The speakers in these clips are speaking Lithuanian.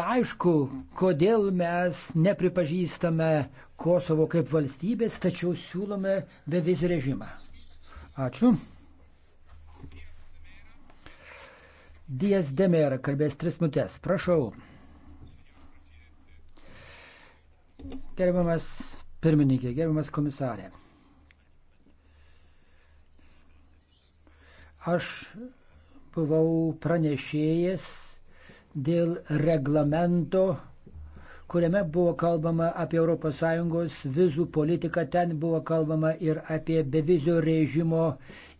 Aišku, kodėl mes nepripažįstame Kosovo kaip valstybės, tačiau siūlome bevizį režimą. Ačiū. Dijas Demera kalbės tris minutės. Prašau. Gerbiamas pirmininkė, gerbiamas komisarė. Aš buvau pranešėjęs dėl reglamento, kuriame buvo kalbama apie ES vizų politiką, ten buvo kalbama ir apie bevizio režimo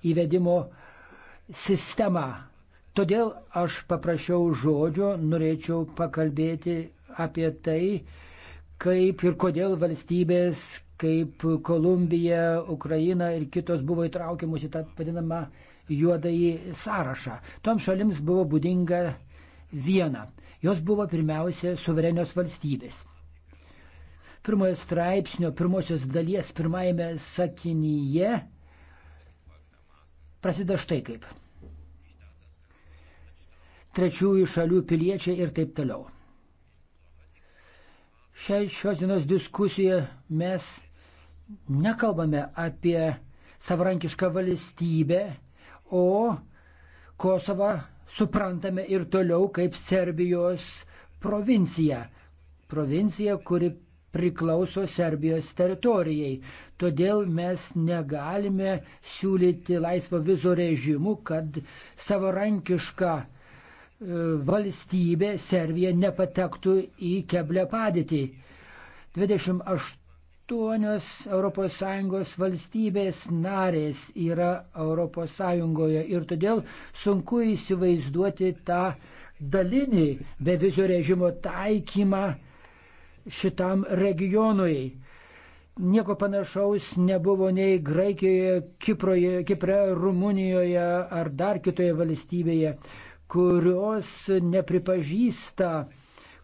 įvedimo sistemą. Todėl aš paprašiau žodžio, norėčiau pakalbėti apie tai, kaip ir kodėl valstybės kaip Kolumbija, Ukraina ir kitos buvo įtraukiamus į tą vadinamą juodąjį sąrašą. Tom šalims buvo būdinga vieną. Jos buvo pirmiausia suverenios valstybės. Pirmojo straipsnio, pirmosios dalies, pirmajame sakinyje prasideda štai kaip. Trečiųjų šalių piliečiai ir taip toliau. Šia, šios dienos diskusijoje mes nekalbame apie savarankišką valstybę, o Kosovą suprantame ir toliau kaip Serbijos provinciją. Provincija, kuri priklauso Serbijos teritorijai. Todėl mes negalime siūlyti laisvo vizo režimų, kad savarankiška e, valstybė Serbija nepatektų į keblę padėtį. 28 aštuonios ES valstybės narės yra ES ir todėl sunku įsivaizduoti tą dalinį bevizio režimo taikymą šitam regionui. Nieko panašaus nebuvo nei Graikijoje, Kiproje, Kipre, Rumunijoje ar dar kitoje valstybėje, kurios nepripažįsta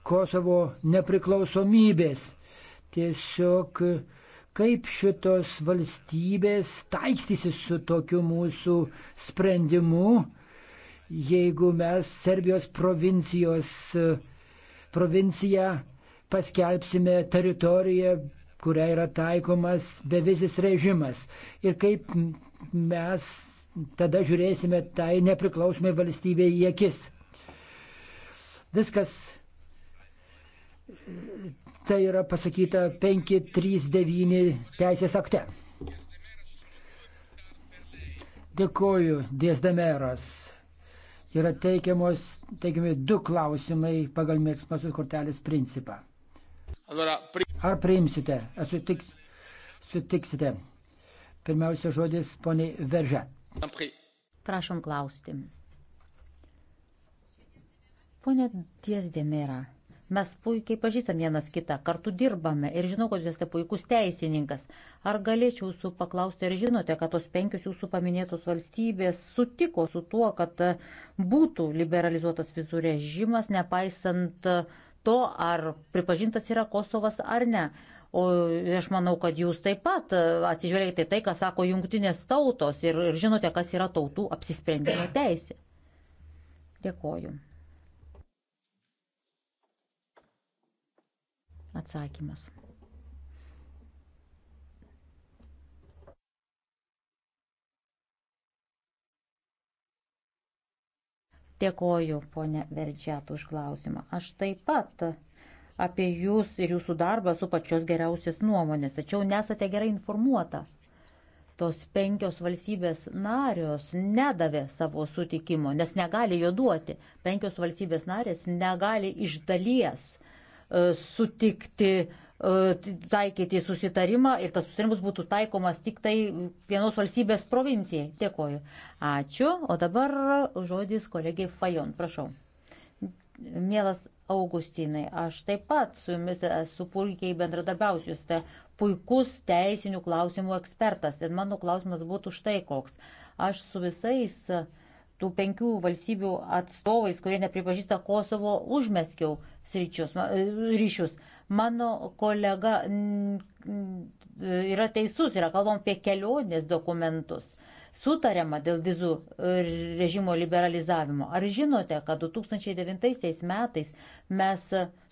Kosovo nepriklausomybės tiesiog kaip šitos valstybės taikstysis su tokiu mūsų sprendimu, jeigu mes Serbijos provincijos, provinciją paskelbsime teritoriją, kuria yra taikomas bevizis režimas. Ir kaip mes tada žiūrėsime tai nepriklausomai valstybei į akis. Viskas Tai yra pasakyta 539 teisės akte. Dėkoju, Dėsdameras. Yra teikiamos, teikiami du klausimai pagal mirksmosios kortelės principą. Ar priimsite? Esu tik, sutiksite. Pirmiausia žodis poniai Veržet. Prašom klausti. Pone Dėsdemera, Mes puikiai pažįstam vienas kitą, kartu dirbame ir žinau, kad jūs esate puikus teisininkas. Ar galėčiau jūsų paklausti, ar žinote, kad tos penkios jūsų paminėtos valstybės sutiko su tuo, kad e, būtų liberalizuotas vizų režimas, nepaisant e, to, ar pripažintas yra Kosovas ar ne. O aš manau, kad jūs taip pat e, atsižvelgite tai, ką sako jungtinės tautos ir, ir žinote, kas yra tautų apsisprendimo teisė. Dėkoju. atsakymas. Dėkoju, ponė Verdžiatų, už klausimą. Aš taip pat apie jūs ir jūsų darbą su pačios geriausios nuomonės, tačiau nesate gerai informuota. Tos penkios valstybės narios nedavė savo sutikimo, nes negali jo duoti. Penkios valstybės narės negali iš dalies E, sutikti e, taikyti susitarimą ir tas susitarimas būtų taikomas tik tai vienos valstybės provincijai. Dėkoju. Ačiū. O dabar žodis kolegiai Fajon. Prašau. Mielas Augustinai, aš taip pat su jumis esu puikiai bendradarbiausiu. Jūs esate puikus teisinių klausimų ekspertas. Ir mano klausimas būtų štai koks. Aš su visais uh, tų penkių valstybių atstovais, kurie nepripažįsta Kosovo užmeskiau e, ryšius. Mano kolega yra teisus, yra kalbam apie kelionės dokumentus. Sutariama dėl vizų e, režimo liberalizavimo. Ar žinote, kad 2009 metais mes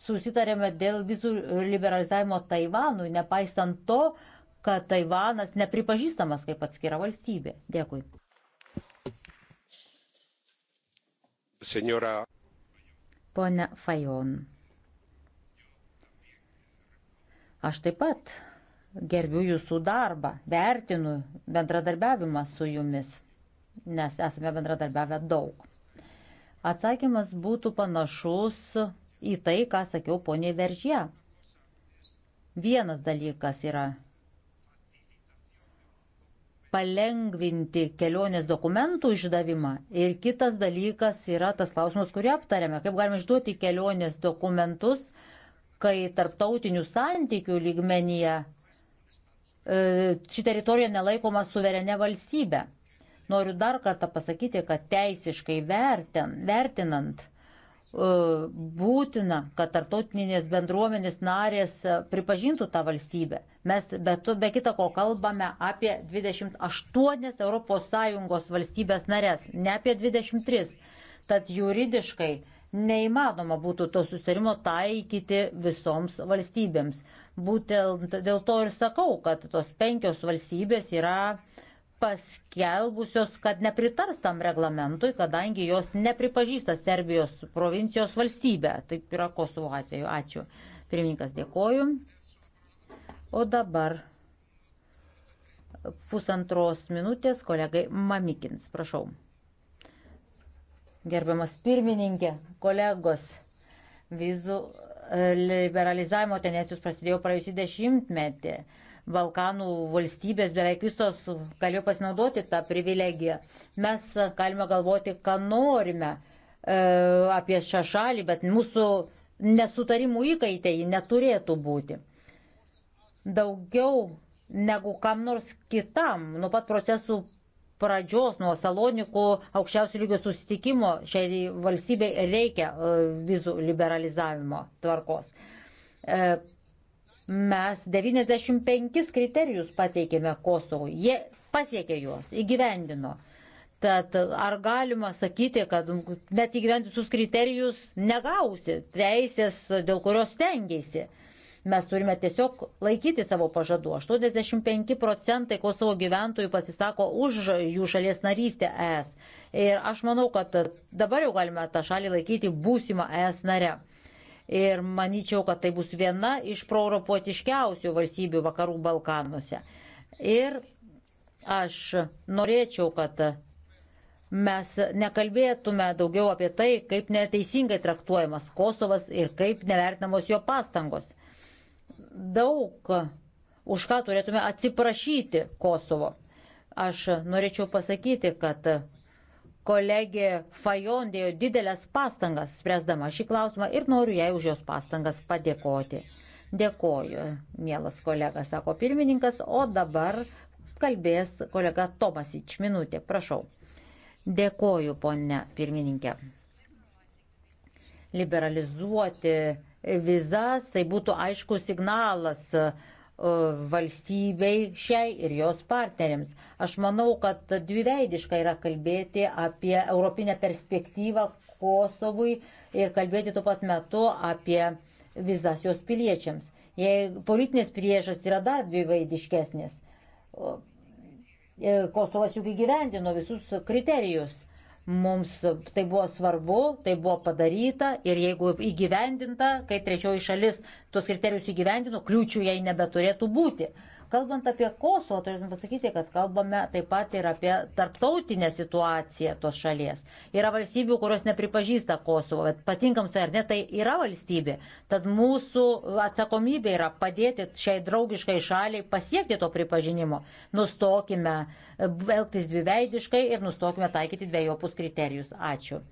susitarėme dėl vizų liberalizavimo Taivanui, nepaisant to, kad Taivanas nepripažįstamas kaip atskira valstybė? Dėkui. Senora. Pone Fajon. Aš taip pat gerbiu jūsų darbą, vertinu bendradarbiavimą su jumis, nes esame bendradarbiavę daug. Atsakymas būtų panašus į tai, ką sakiau poniai Veržė. Vienas dalykas yra palengvinti kelionės dokumentų išdavimą. Ir kitas dalykas yra tas klausimas, kurį aptarėme, kaip galime išduoti kelionės dokumentus, kai tarptautinių santykių lygmenyje e, ši teritorija nelaikoma suverenė valstybė. Noriu dar kartą pasakyti, kad teisiškai vertin, vertinant E, būtina, kad tartotinės bendruomenės narės e, pripažintų tą valstybę. Mes be, to, be kita ko kalbame apie 28 ES valstybės narės, ne apie 23. Tad juridiškai neįmanoma būtų to susitarimo taikyti visoms valstybėms. Būtent dėl to ir sakau, kad tos penkios valstybės yra uh, paskelbusios, kad nepritars tam reglamentui, kadangi jos nepripažįsta Serbijos provincijos valstybę. Taip yra Kosovo atveju. Ačiū. Pirmininkas dėkoju. O dabar pusantros minutės kolegai Mamikins. Prašau. Gerbiamas pirmininkė, kolegos, vizų liberalizavimo tendencijos prasidėjo praėjusį dešimtmetį Balkanų valstybės beveik visos galėjo pasinaudoti tą privilegiją. Mes galime galvoti, ką norime e, apie šią šalį, bet mūsų nesutarimų įkaitai neturėtų būti. Daugiau negu kam nors kitam nuo pat procesų pradžios, nuo Salonikų aukščiausių lygio susitikimo šiai valstybei reikia e, vizų liberalizavimo tvarkos. E, Mes 95 kriterijus pateikėme Kosovui. Jie pasiekė juos, įgyvendino. Tad ar galima sakyti, kad net įgyvendusius kriterijus negausi teisės, dėl kurios stengiasi? Mes turime tiesiog laikyti savo pažadų. 85 procentai Kosovo gyventojų pasisako už jų šalies narystę ES. Ir aš manau, kad dabar jau galime tą šalį laikyti būsimą ES nare ir manyčiau, kad tai bus viena iš proeuropotiškiausių valstybių vakarų Balkanuose. Ir aš norėčiau, kad mes nekalbėtume daugiau apie tai, kaip neteisingai traktuojamas Kosovas ir kaip nevertinamos jo pastangos. Daug už ką turėtume atsiprašyti Kosovo. Aš norėčiau pasakyti, kad Kolegė Fajon dėjo didelės pastangas spręsdama šį klausimą ir noriu jai už jos pastangas padėkoti. Dėkoju, mielas kolega, sako pirmininkas, o dabar kalbės kolega Tomasič. Minutė, prašau. Dėkoju, ponė pirmininkė. Liberalizuoti vizas, tai būtų aišku signalas uh, E, valstybei šiai ir jos partneriams. Aš manau, kad dviveidiška yra kalbėti apie europinę perspektyvą Kosovui ir kalbėti tuo pat metu apie vizas jos piliečiams. Jei politinės priežas yra dar dvivaidiškesnės, e, Kosovas juk įgyvendino visus kriterijus Mums tai buvo svarbu, tai buvo padaryta ir jeigu įgyvendinta, kai trečioji šalis tuos kriterijus įgyvendino, kliūčių jai nebeturėtų būti. Kalbant apie Kosovo, turėtume pasakyti, kad kalbame taip pat ir apie tarptautinę situaciją tos šalies. Yra valstybių, kurios nepripažįsta Kosovo, bet patinkams ar ne, tai yra valstybė. Tad mūsų atsakomybė yra padėti šiai draugiškai šaliai pasiekti to pripažinimo. Nustokime elgtis dviveidiškai ir nustokime taikyti dviejopus kriterijus. Ačiū.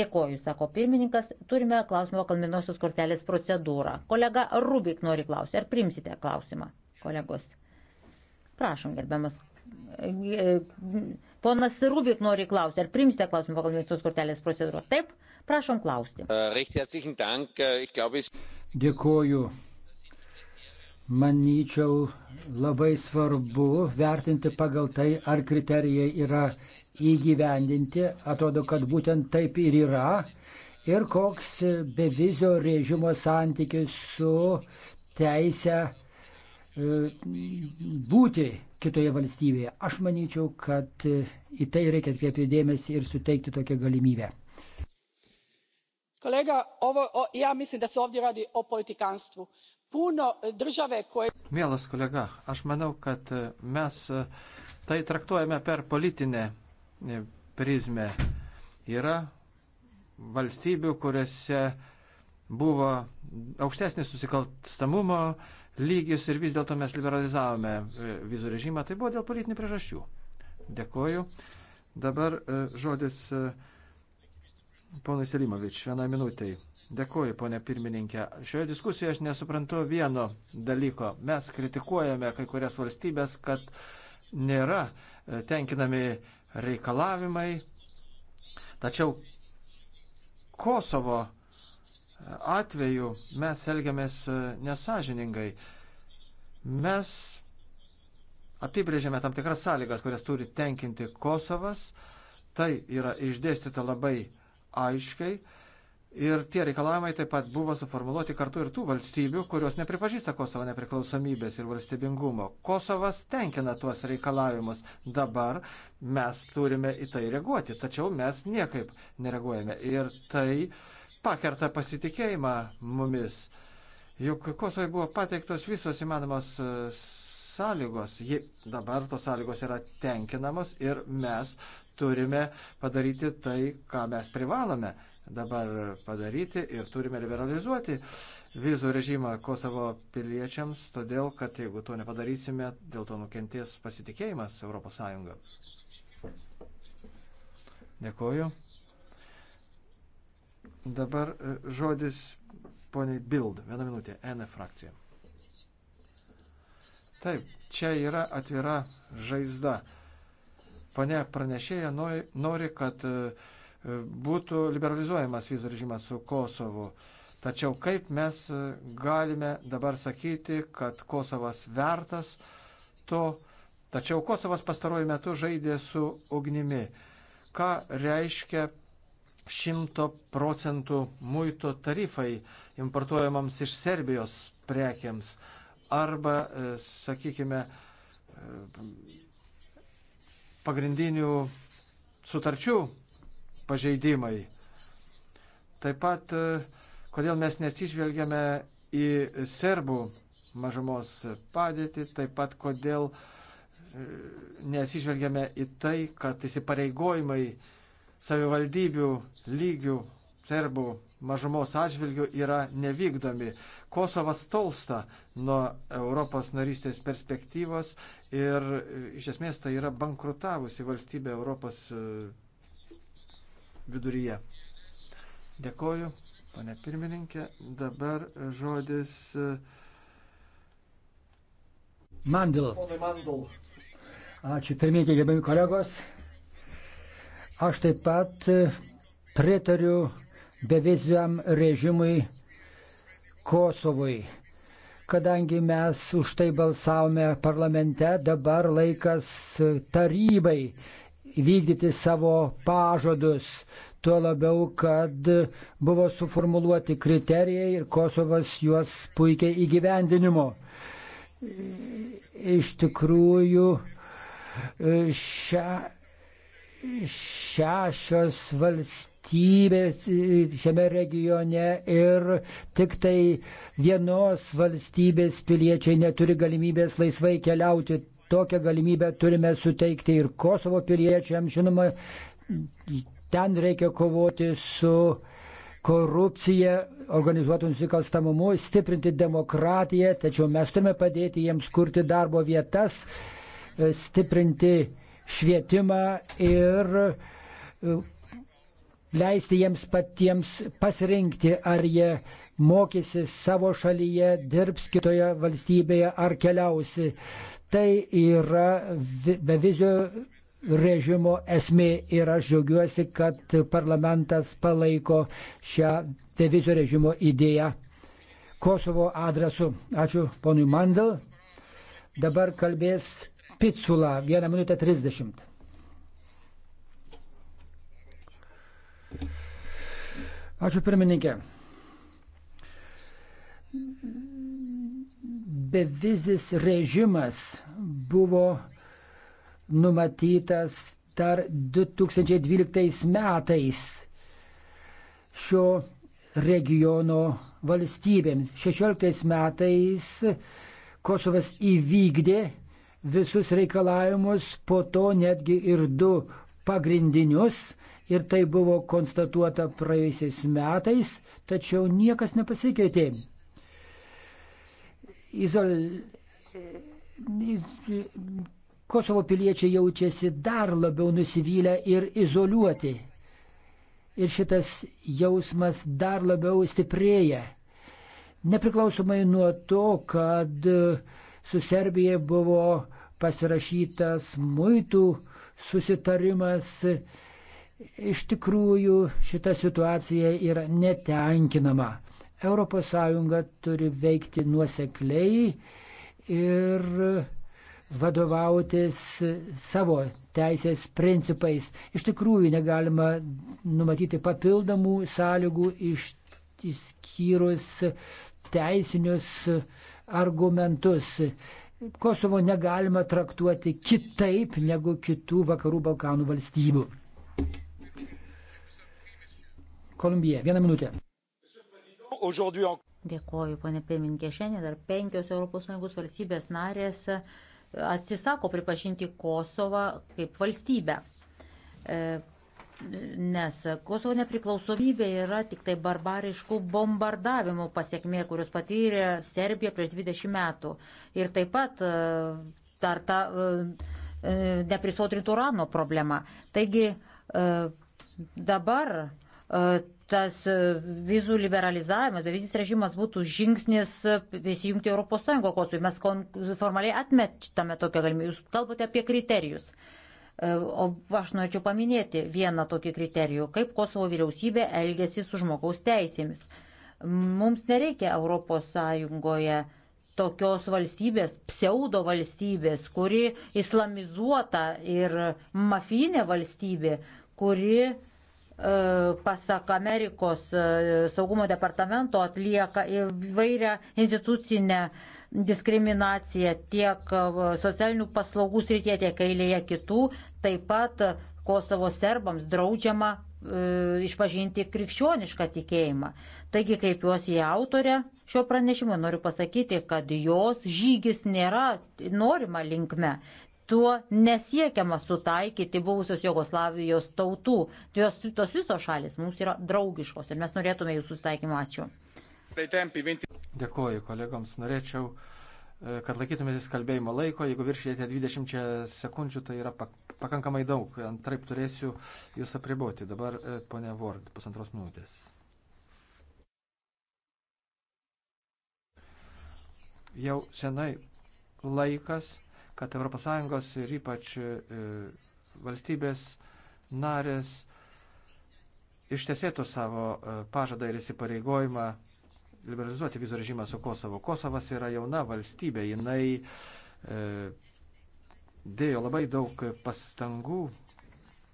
Dėkoju, sako pirmininkas, turime klausimo kalminosios kortelės procedūrą. Kolega Rubik nori klausyti, ar primsite klausimą? kolegos. Prašom, gerbiamas. E, ponas Rubik nori klausti, ar primsite klausimą pagal ministros kortelės procedūrą? Taip, prašom klausti. E, e, Dėkuoju. Manyčiau, labai svarbu vertinti pagal tai, ar kriterijai yra įgyvendinti. Atrodo, kad būtent taip ir yra. Ir koks bevizio režimo santykis su teisė būti kitoje valstybėje. Aš manyčiau, kad e, į tai reikia atkreipti dėmesį ir suteikti tokią galimybę. Kolega, ovo, o, ja mislim da se ovdje radi o politikanstvu. Puno države koje... Mielas kolega, aš manau, kad e, mes e, tai traktuojame per politinę prizmę. Yra valstybių, kuriuose buvo aukštesnis susikalstamumo lygis ir vis dėlto mes liberalizavome e, vizų režimą. Tai buvo dėl politinių priežasčių. Dėkoju. Dabar e, žodis e, ponui Selimovič, vieną minutę. Dėkoju, ponė pirmininkė. Šioje diskusijoje aš nesuprantu vieno dalyko. Mes kritikuojame kai kurias valstybės, kad nėra tenkinami reikalavimai. Tačiau Kosovo atveju mes elgiamės e, nesažiningai. Mes apibrėžėme tam tikras sąlygas, kurias turi tenkinti Kosovas. Tai yra išdėstyta labai aiškiai. Ir tie reikalavimai taip pat buvo suformuoluoti kartu ir tų valstybių, kurios nepripažįsta Kosovo nepriklausomybės ir valstybingumo. Kosovas tenkina tuos reikalavimus. Dabar mes turime į tai reaguoti, tačiau mes niekaip nereaguojame. Ir tai uh, pakerta pasitikėjimą mumis. Juk Kosovai buvo pateiktos visos įmanomos e, sąlygos. Ji, dabar tos sąlygos yra tenkinamos ir mes turime padaryti tai, ką mes privalome dabar padaryti ir turime liberalizuoti vizų režimą Kosovo piliečiams, todėl kad jeigu to nepadarysime, dėl to nukentės pasitikėjimas ES. Dėkuoju. Dabar e, žodis poniai Bild. Vieną minutę. N frakcija. Taip, čia yra atvira žaizda. Pane pranešėja nori, kad e, e, būtų liberalizuojamas vizų režimas su Kosovu. Tačiau kaip mes galime dabar sakyti, kad Kosovas vertas to, tačiau Kosovas pastaruoju metu žaidė su ugnimi. Ką reiškia 100 procentų muito tarifai importuojamams iš Serbijos prekiams arba, e, sakykime, e, pagrindinių sutarčių pažeidimai. Taip pat, e, kodėl mes neatsižvelgiame į serbų mažumos padėtį, taip pat kodėl neatsižvelgiame į tai, kad įsipareigojimai savivaldybių lygių serbų mažumos atžvilgių yra nevykdomi. Kosovas tolsta nuo Europos narystės perspektyvos ir iš esmės tai yra bankrutavusi valstybė Europos e, viduryje. Dėkoju, pane pirmininkė. Dabar žodis. E, Mandel. Ačiū, pirmininkė, gerbami kolegos. Aš taip pat e, pritariu beviziam režimui Kosovui. Kadangi mes už tai balsavome parlamente, dabar laikas e, tarybai vykdyti savo pažadus. Tuo labiau, kad buvo suformuluoti kriterijai ir Kosovas juos puikiai įgyvendinimo. Iš tikrųjų, e, šią šešios valstybės šiame regione ir tik tai vienos valstybės piliečiai neturi galimybės laisvai keliauti. Tokią galimybę turime suteikti ir Kosovo piliečiams, žinoma, ten reikia kovoti su korupcija, organizuotų nusikalstamumu, stiprinti demokratiją, tačiau mes turime padėti jiems kurti darbo vietas, e, stiprinti švietimą ir e, leisti jiems patiems pasirinkti, ar jie mokysis savo šalyje, dirbs kitoje valstybėje ar keliausi. Tai yra bevizio režimo esmė ir aš džiaugiuosi, kad parlamentas palaiko šią bevizio režimo idėją Kosovo adresu. Ačiū ponui Mandel. Dabar kalbės Picula, 1 minutė 30. Ačiū pirmininkė. Bevizis režimas buvo numatytas dar 2012 metais šio regiono valstybėms. 16 metais Kosovas įvykdė visus reikalavimus, po to netgi ir du pagrindinius. Ir tai buvo konstatuota praėjusiais metais, tačiau niekas nepasikeitė. Izol... Kosovo piliečiai jaučiasi dar labiau nusivylę ir izoliuoti. Ir šitas jausmas dar labiau stiprėja. Nepriklausomai nuo to, kad uh, su Serbija buvo pasirašytas muitų susitarimas. Iš tikrųjų šita situacija yra netenkinama. ES turi veikti nuosekliai ir vadovautis savo teisės principais. Iš tikrųjų negalima numatyti papildomų sąlygų iš, išskyrus teisinius uh, argumentus. Kosovo negalima traktuoti kitaip negu kitų vakarų Balkanų valstybių. Kolumbija, vieną minutę. Dėkoju, ponė Pėminkė. Šiandien dar penkios ES valstybės narės e, atsisako pripažinti Kosovą kaip valstybę. E, nes Kosovo nepriklausomybė yra tik tai barbariškų bombardavimų pasiekmė, kurios patyrė Serbija prieš 20 metų. Ir taip pat e, dar ta e, e, neprisodrintų urano problema. Taigi dabar tas vizų liberalizavimas, bevizis režimas būtų žingsnis įsijungti Europos Sąjungo kosui. Mes formaliai atmetame tokią galimybę. Jūs kalbate apie kriterijus. Uh, E, o aš norėčiau paminėti vieną tokį kriterijų, kaip Kosovo vyriausybė elgesi su žmogaus teisėmis. Mums nereikia ES tokios valstybės, pseudo valstybės, kuri islamizuota ir mafinė valstybė, kuri, e, pasak Amerikos e, saugumo departamento, atlieka įvairią institucinę uh, diskriminacija tiek e, socialinių paslaugų srityje, tiek eilėje kitų. Taip pat Kosovo serbams draudžiama e, išpažinti krikščionišką tikėjimą. Taigi, kaip juos į autorę šio pranešimo, noriu pasakyti, kad jos žygis nėra norima linkme. Tuo nesiekiama sutaikyti buvusios Jugoslavijos tautų. Tos, tos visos šalis mums yra draugiškos ir mes norėtume jų susitaikymą. Ačiū. Dėkuoju kolegoms. Norėčiau, e, kad laikytumėtės kalbėjimo laiko. Jeigu viršijate 20 sekundžių, tai yra pakankamai daug. Antraip turėsiu jūs apriboti. Dabar e, ponė Vord, pusantros minutės. Jau senai laikas, kad ES ir ypač e, valstybės narės ištesėtų savo pažadą ir įsipareigojimą liberalizuoti vizų režimą su Kosovu. Kosovas yra jauna valstybė, jinai e, dėjo labai daug pastangų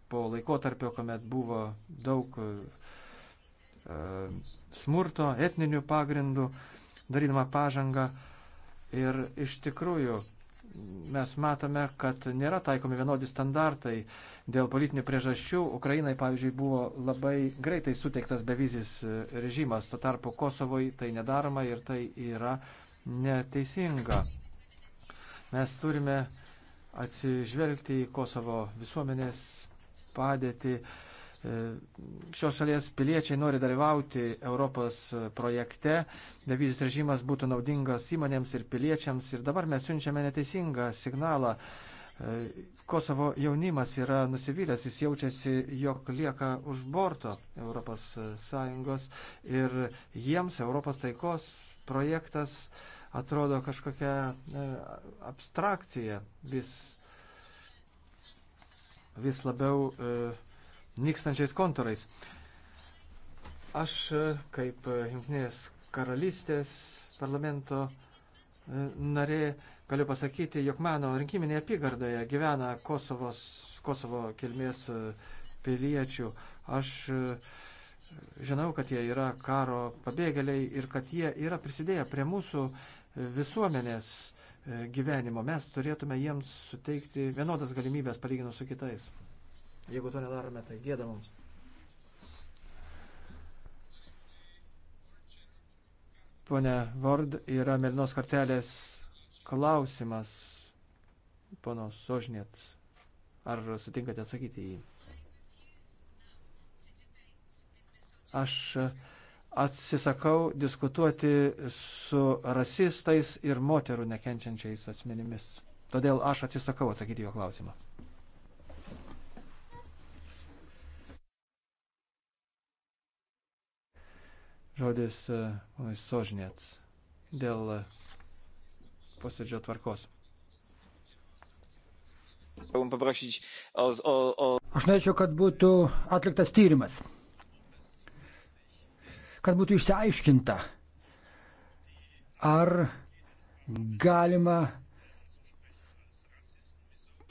po laikotarpio, kuomet buvo daug e, smurto, etninių pagrindų, darydama pažangą. Ir iš tikrųjų mes matome, kad nėra taikomi vienodi standartai. Dėl politinių priežasčių Ukrainai, pavyzdžiui, buvo labai greitai suteiktas bevizis režimas, to tarpu Kosovoj tai nedaroma ir tai yra neteisinga. Mes turime atsižvelgti į Kosovo visuomenės padėtį šios šalies piliečiai nori dalyvauti Europos projekte, bevizis režimas būtų naudingas įmonėms ir piliečiams ir dabar mes siunčiame neteisingą signalą. E, Kosovo jaunimas yra nusivylęs, jis jaučiasi, jog lieka už borto ES ir jiems Europos taikos projektas atrodo kažkokia e, abstrakcija vis, vis labiau. E, nykstančiais kontūrais. Aš e, kaip e, Junktinės karalystės parlamento e, narė galiu pasakyti, jog mano rinkiminėje apygardoje gyvena Kosovos, Kosovo kilmės piliečių. Aš žinau, kad jie yra karo pabėgėliai ir kad jie yra prisidėję prie mūsų visuomenės gyvenimo. Mes turėtume jiems suteikti vienodas galimybės palyginus su kitais. Jeigu to nedarome, tai gėda mums. Pone Vord, yra melinos kartelės klausimas, pono Sožnėts. Ar sutinkate atsakyti į jį? Aš atsisakau diskutuoti su rasistais ir moterų nekenčiančiais asmenimis. Todėl aš atsisakau atsakyti jo klausimą. Žodis e, ponui Sožnėts dėl posėdžio tvarkos. Aš norėčiau, kad būtų atliktas tyrimas, kad būtų išsiaiškinta, ar galima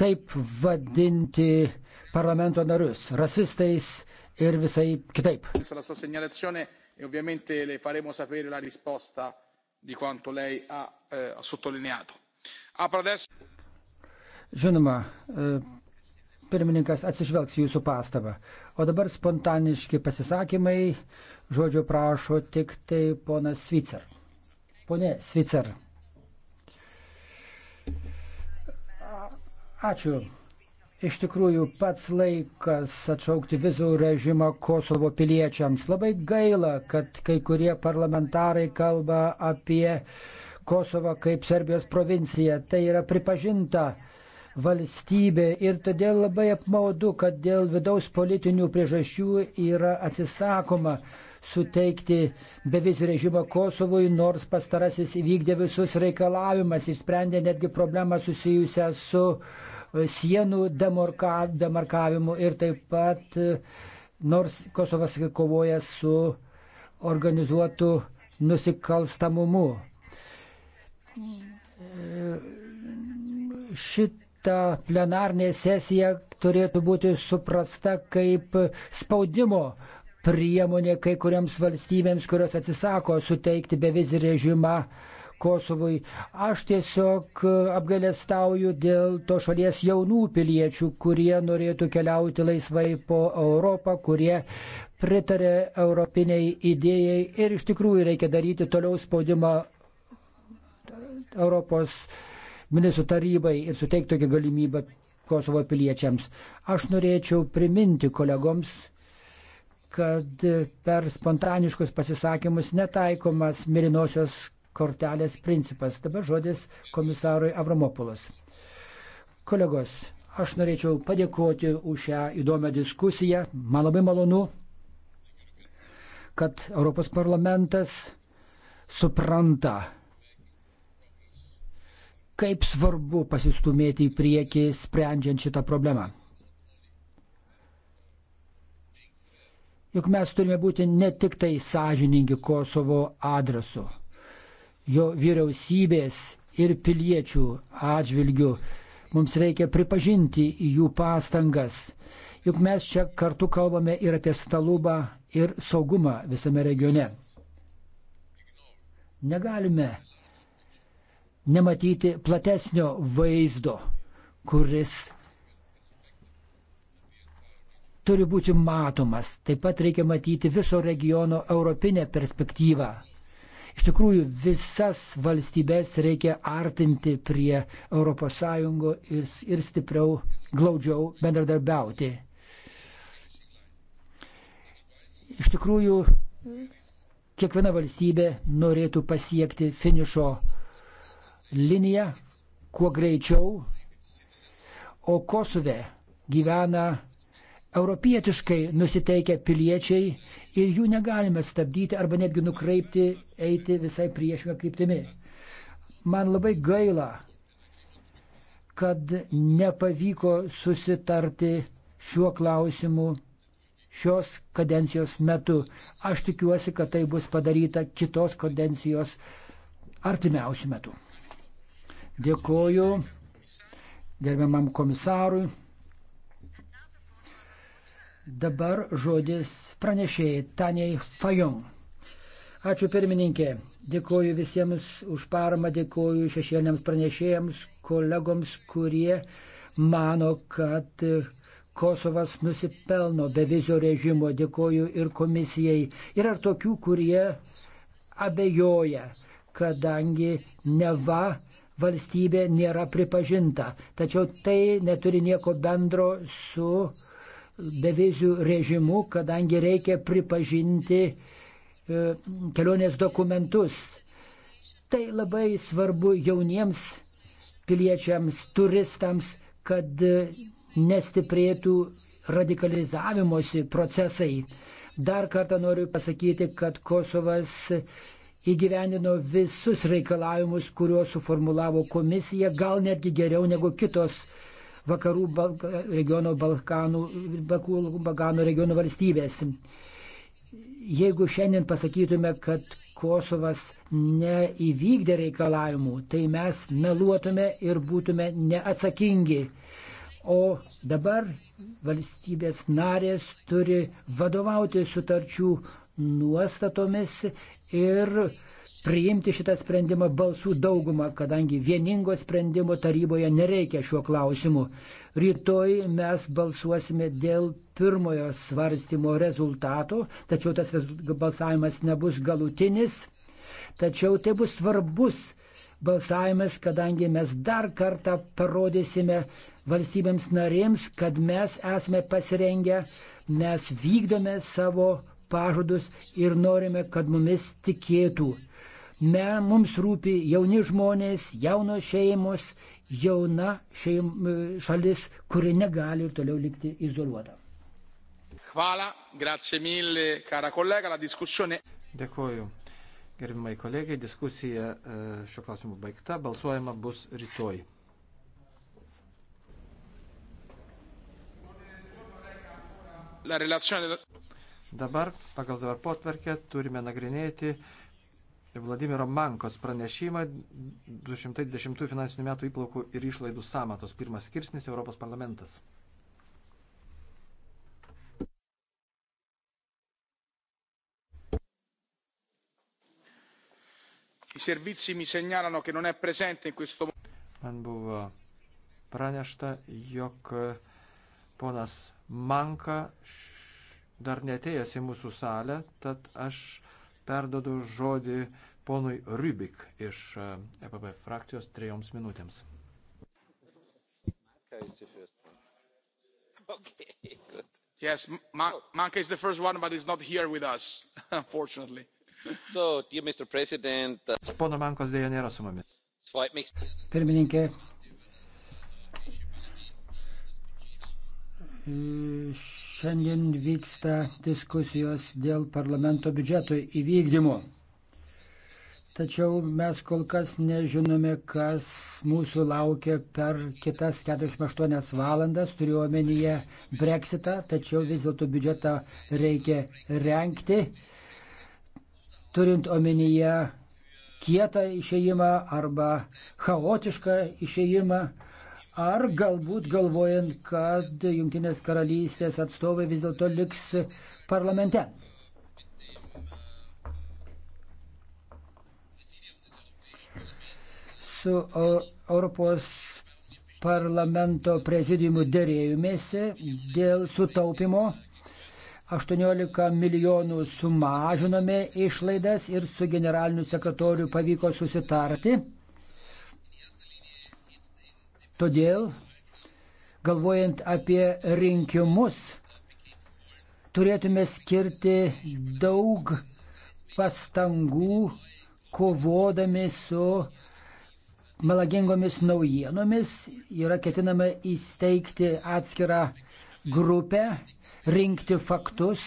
taip vadinti parlamento narius rasistais ir visai kitaip e ovviamente le faremo sapere la risposta di quanto lei ha eh, sottolineato. Žinoma, e, pirmininkas atsižvelgs jūsų pastabą. O dabar spontaniški pasisakymai. Žodžio prašo tik tai ponas Svicer. Pone Svicer. Ačiū. Iš tikrųjų, pats laikas atšaukti vizų režimą Kosovo piliečiams. Labai gaila, kad kai kurie parlamentarai kalba apie Kosovą kaip Serbijos provinciją. Tai yra pripažinta valstybė ir todėl labai apmaudu, kad dėl vidaus politinių priežasčių yra atsisakoma suteikti bevizį režimą Kosovui, nors pastarasis įvykdė visus reikalavimas, išsprendė netgi problemą susijusią su uh, sienų demarkavimu ir taip pat e, nors Kosovas kovoja su organizuotu nusikalstamumu. E, šita plenarnė sesija turėtų būti suprasta kaip spaudimo priemonė kai kuriams valstybėms, kurios atsisako suteikti bevizį režimą uh, Kosovui. Aš tiesiog e, apgalėstauju dėl to šalies jaunų piliečių, kurie norėtų keliauti laisvai po Europą, kurie pritarė europiniai idėjai ir iš tikrųjų reikia daryti toliau spaudimą Europos ministrų tarybai ir suteikti tokią galimybę Kosovo piliečiams. Aš norėčiau priminti kolegoms, kad per spontaniškus pasisakymus netaikomas mirinosios kortelės principas. Dabar žodis komisarui Avramopulos. Kolegos, aš norėčiau padėkoti už šią įdomią diskusiją. Man labai malonu, kad Europos parlamentas supranta, kaip svarbu pasistumėti į priekį sprendžiant šitą problemą. Juk mes turime būti ne tik tai sąžiningi Kosovo adresu jo vyriausybės ir piliečių atžvilgių. Mums reikia pripažinti jų pastangas. Juk mes čia kartu kalbame ir apie stalubą, ir saugumą visame regione. Negalime nematyti platesnio vaizdo, kuris turi būti matomas. Taip pat reikia matyti viso regiono europinę perspektyvą. Iš tikrųjų, visas valstybės reikia artinti prie ES ir, ir stipriau, glaudžiau bendradarbiauti. Iš tikrųjų, kiekviena valstybė norėtų pasiekti finišo liniją kuo greičiau, o Kosove gyvena europietiškai nusiteikę piliečiai ir jų negalime stabdyti arba netgi nukreipti eiti visai priešingą kryptimį. Man labai gaila, kad nepavyko susitarti šiuo klausimu šios kadencijos metu. Aš tikiuosi, kad tai bus padaryta kitos kadencijos artimiausių metų. Dėkoju gerbiamam komisarui. Dabar žodis pranešėjai Taniai Fajon. Ačiū pirmininkė, dėkoju visiems už paramą, dėkoju šešėliniams pranešėjams, kolegoms, kurie mano, kad Kosovas nusipelno bevizio režimo, dėkoju ir komisijai. Ir ar tokių, kurie abejoja, kadangi neva valstybė nėra pripažinta. Tačiau tai neturi nieko bendro su uh, bevizių režimu, kadangi reikia pripažinti e, kelionės dokumentus. Tai labai svarbu jauniems piliečiams, turistams, kad e, nestiprėtų radikalizavimosi procesai. Dar kartą noriu pasakyti, kad Kosovas įgyvenino visus reikalavimus, kuriuos suformulavo komisija, gal netgi geriau negu kitos vakarų Balka, regiono Balkanų, Balkanų regiono valstybės. Jeigu šiandien pasakytume, kad Kosovas neįvykdė reikalavimų, tai mes meluotume ir būtume neatsakingi. O dabar valstybės narės turi vadovauti sutarčių nuostatomis ir uh, priimti šitą sprendimą balsų daugumą, kadangi vieningo sprendimo taryboje nereikia šiuo klausimu. Rytoj mes balsuosime dėl pirmojo svarstymo rezultato, tačiau tas balsavimas nebus galutinis. Tačiau tai bus svarbus balsavimas, kadangi mes dar kartą parodysime valstybėms narėms, kad mes esame pasirengę, mes vykdome savo pažadus ir norime, kad mumis tikėtų. Me, mums rūpi jauni žmonės, jaunos šeimos, jauna šeim, šalis, kuri negali ir toliau likti izoliuota. Hvala, grazie mille, cara kolega, la diskusione. Dėkuoju. Gerbimai kolegai, diskusija e, šio klausimu baigta, balsuojama bus rytoj. Dabar pagal dabar potvarkę turime nagrinėti Vladimiro Mankos pranešimą 220 finansinių metų įplaukų ir išlaidų samatos. Pirmas skirsnis Europos parlamentas. I servizi mi segnalano che non è presente in questo momento. Man buvo pranešta, jog ponas Manka dar netėjęs į mūsų salę, tad aš perdodu žodį ponui Rybik iš EPP e frakcijos trejoms minutėms. Okay, yes, Manka is the first one, but he's not here with us, unfortunately. So, dear Mr. President. Uh, Pono Mankos dėja nėra su mumis. Pirmininkė, Šiandien vyksta diskusijos dėl parlamento biudžeto įvykdymo. Tačiau mes kol kas nežinome, kas mūsų laukia per kitas 48 valandas, turiu omenyje breksitą, tačiau vis dėlto biudžetą reikia renkti, turint omenyje kietą išėjimą arba chaotišką išėjimą. Ar galbūt galvojant, kad Junktinės karalystės atstovai vis dėlto liks parlamente? Su Europos parlamento prezidiumu dėrėjumėsi dėl sutaupimo. 18 milijonų sumažinome išlaidas ir su generaliniu sekretoriu pavyko susitarti. Todėl, galvojant apie rinkimus, turėtume skirti daug pastangų kovodami su melagingomis naujienomis. Yra ketinama įsteigti atskirą grupę, rinkti faktus,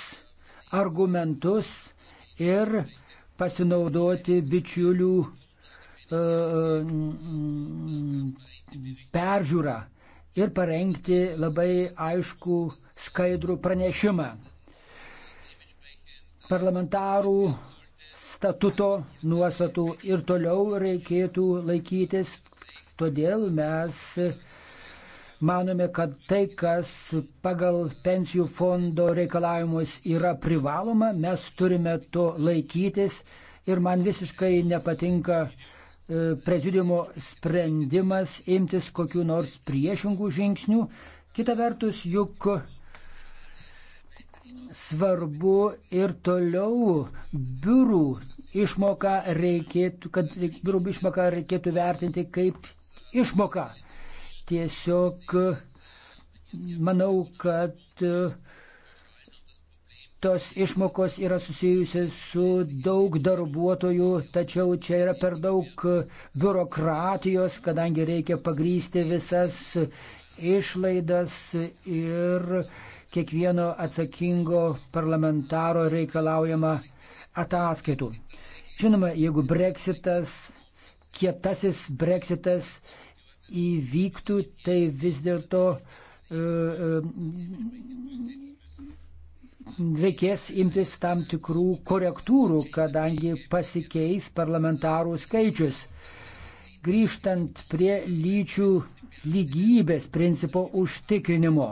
argumentus ir pasinaudoti bičiulių uh, peržiūrą ir parengti labai aišku skaidrų pranešimą. Parlamentarų statuto nuostatų ir toliau reikėtų laikytis, todėl mes manome, kad tai, kas pagal pensijų fondo reikalavimus yra privaloma, mes turime to laikytis ir man visiškai nepatinka uh, E, prezidiumo sprendimas imtis kokiu nors priešingų žingsnių. Kita vertus, juk svarbu ir toliau biurų išmoką reikėtų, kad biurų išmoką reikėtų vertinti kaip išmoką. Tiesiog manau, kad tos išmokos yra susijusios su daug darbuotojų, tačiau čia yra per daug e, biurokratijos, kadangi reikia pagrysti visas e, išlaidas ir kiekvieno atsakingo parlamentaro reikalaujama ataskaitų. Žinoma, jeigu breksitas, kietasis breksitas įvyktų, tai vis dėlto e, e, reikės imtis tam tikrų korektūrų, kadangi pasikeis parlamentarų skaičius. Grįžtant prie lyčių lygybės principo užtikrinimo,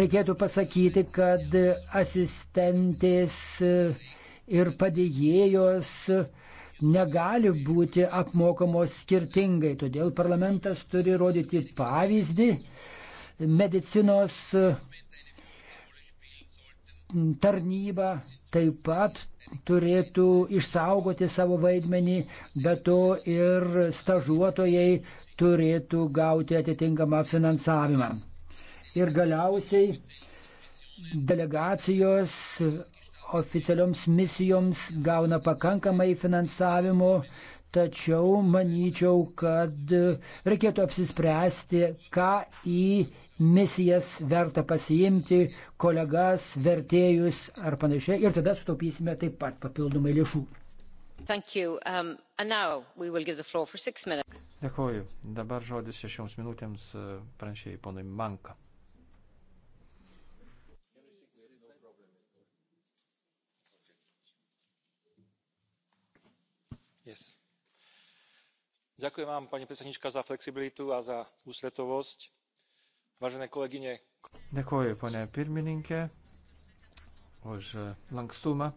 reikėtų pasakyti, kad asistentės ir padėjėjos negali būti apmokamos skirtingai, todėl parlamentas turi rodyti pavyzdį medicinos tarnyba taip pat turėtų išsaugoti savo vaidmenį, bet to ir stažuotojai turėtų gauti atitinkamą finansavimą. Ir galiausiai delegacijos oficialioms misijoms gauna pakankamai finansavimo, tačiau manyčiau, kad reikėtų apsispręsti, ką į misijas verta pasiimti, kolegas, vertėjus ar panašiai. Ir tada sutaupysime taip pat papildomai lėšų. Um, Dėkuoju. Dabar žodis šešioms minutėms uh, pranešėjai ponui Manka. Yes. Ďakujem vám, pani predsednička, za flexibilitu a za ústretovosť Važinė koleginė. Dėkuoju, ponė pirmininkė, už lankstumą.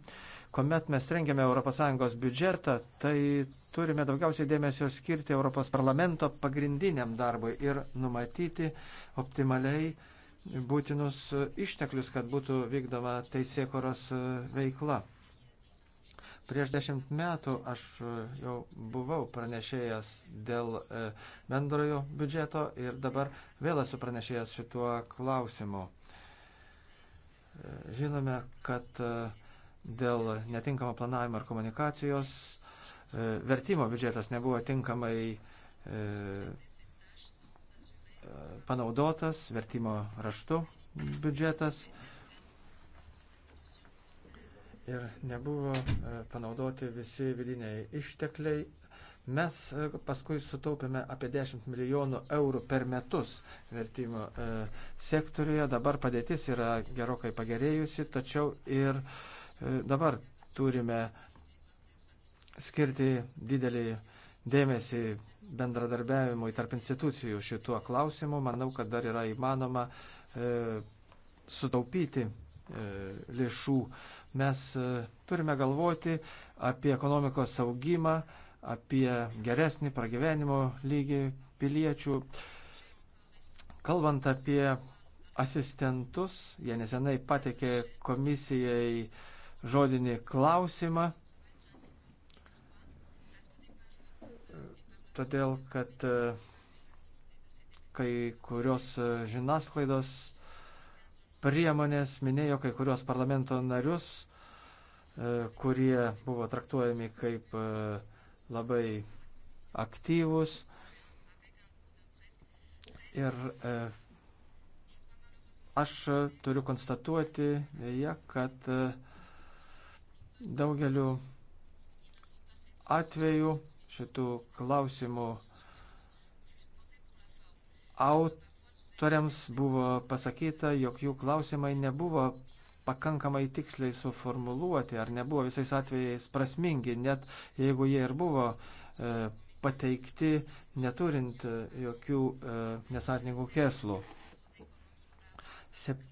Komet mes rengiame ES biudžetą, tai turime daugiausiai dėmesio skirti ES parlamento pagrindiniam darbui ir numatyti optimaliai būtinus išteklius, kad būtų vykdoma teisėkoros veikla. Prieš dešimt metų aš e, jau buvau pranešėjęs dėl e, bendrojo biudžeto ir dabar vėl esu pranešėjęs šituo klausimu. E, žinome, kad dėl netinkamo planavimo ir komunikacijos vertimo biudžetas nebuvo tinkamai panaudotas, vertimo raštu biudžetas ir nebuvo e, panaudoti visi vidiniai ištekliai. Mes e, paskui sutaupėme apie 10 milijonų eurų per metus vertimo e, sektoriuje. Dabar padėtis yra gerokai pagerėjusi, tačiau ir dabar turime skirti didelį dėmesį bendradarbiavimui tarp institucijų šituo klausimu. Manau, kad dar yra įmanoma e, sutaupyti e, lėšų. E, Mes e, turime galvoti apie ekonomikos saugimą, apie geresnį pragyvenimo lygį piliečių. Kalbant apie asistentus, jie nesenai patekė komisijai žodinį klausimą, todėl kad e, kai kurios e, žiniasklaidos priemonės minėjo kai kurios parlamento narius, e, kurie buvo traktuojami kaip e, labai aktyvus. Ir e, aš turiu konstatuoti, ja, kad daugeliu atveju šitų klausimų aut Toriams buvo pasakyta, jog jų klausimai nebuvo pakankamai tiksliai suformuluoti ar nebuvo visais atvejais prasmingi, net jeigu jie ir buvo e, pateikti neturint e, jokių e, nesatningų kėslų. Sep...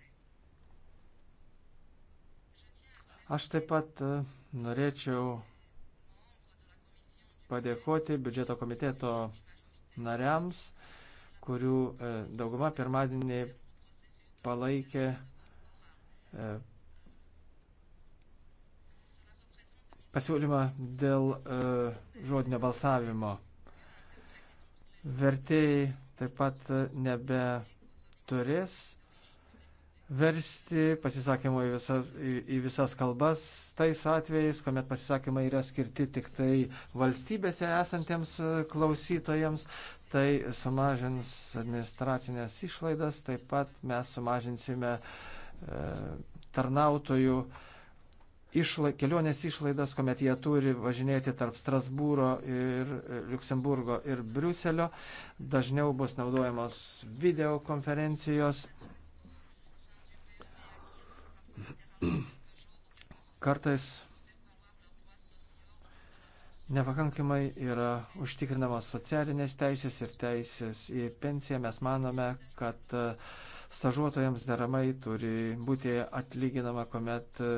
Aš taip pat e, norėčiau padėkoti biudžeto komiteto nariams, e, kurių e, dauguma pirmadienį palaikė e, pasiūlymą dėl e, žodinio balsavimo. Vertėjai taip pat nebe turės versti pasisakymą į visas, į, į visas kalbas tais atvejais, kuomet pasisakymai yra skirti tik tai valstybėse esantiems klausytojams. Tai sumažins administracinės išlaidas, taip pat mes sumažinsime e, tarnautojų išla, kelionės išlaidas, kuomet jie turi važinėti tarp Strasbūro ir e, Luksemburgo ir Briuselio. Dažniau bus naudojamos videokonferencijos. Kartais nepakankamai yra užtikrinamos socialinės teisės ir teisės į pensiją. Mes manome, kad e, stažuotojams deramai turi būti atlyginama, kuomet e,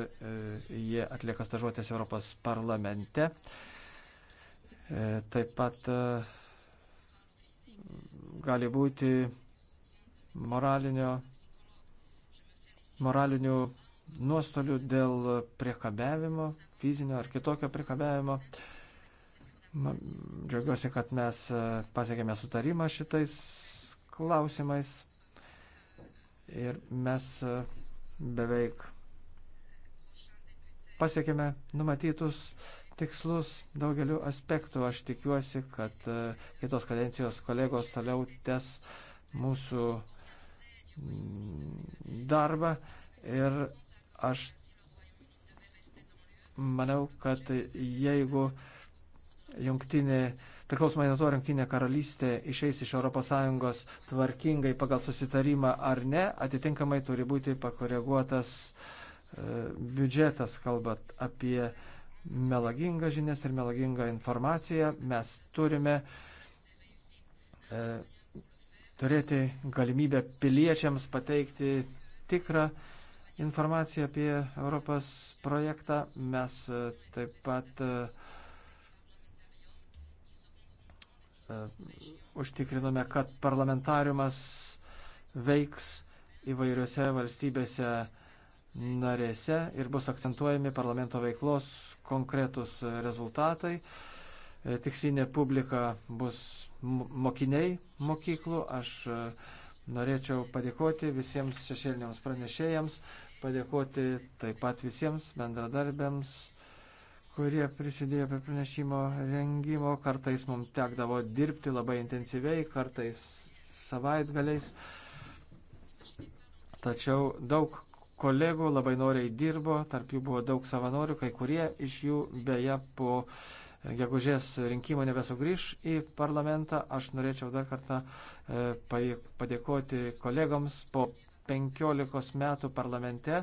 jie atlieka stažuotės Europos parlamente. E, taip pat gali būti moralinio, moralinių nuostolių dėl priekabiavimo, fizinio ar kitokio priekabiavimo. E, Džiaugiuosi, kad mes e, pasiekėme sutarimą šitais klausimais ir mes e, beveik pasiekėme numatytus tikslus daugeliu aspektų. Aš tikiuosi, kad e, kitos kadencijos kolegos toliau tes mūsų mm, darbą ir aš manau, kad jeigu uh, jungtinė, priklausomai nuo to, ar jungtinė karalystė išeis iš ES tvarkingai pagal susitarimą ar ne, atitinkamai turi būti pakoreguotas e, biudžetas, kalbant apie melagingą žinias ir melagingą informaciją. Mes turime e, turėti galimybę piliečiams pateikti tikrą informaciją apie Europos projektą. Mes e, taip pat e, E, užtikrinome, kad parlamentariumas veiks įvairiose valstybėse narėse ir bus akcentuojami parlamento veiklos konkretus rezultatai. E, Tikslinė publika bus mokiniai mokyklų. Aš e, norėčiau padėkoti visiems šešėliniams pranešėjams, padėkoti taip pat visiems bendradarbėms kurie prisidėjo prie pranešimo rengimo. Kartais mums tekdavo dirbti labai intensyviai, kartais savaitgaliais. Tačiau daug kolegų labai noriai dirbo, tarp jų buvo daug savanorių, kai kurie iš jų beje po gegužės rinkimo nebesugrįž į parlamentą. Aš norėčiau dar kartą e, padėkoti kolegoms po 15 metų parlamente.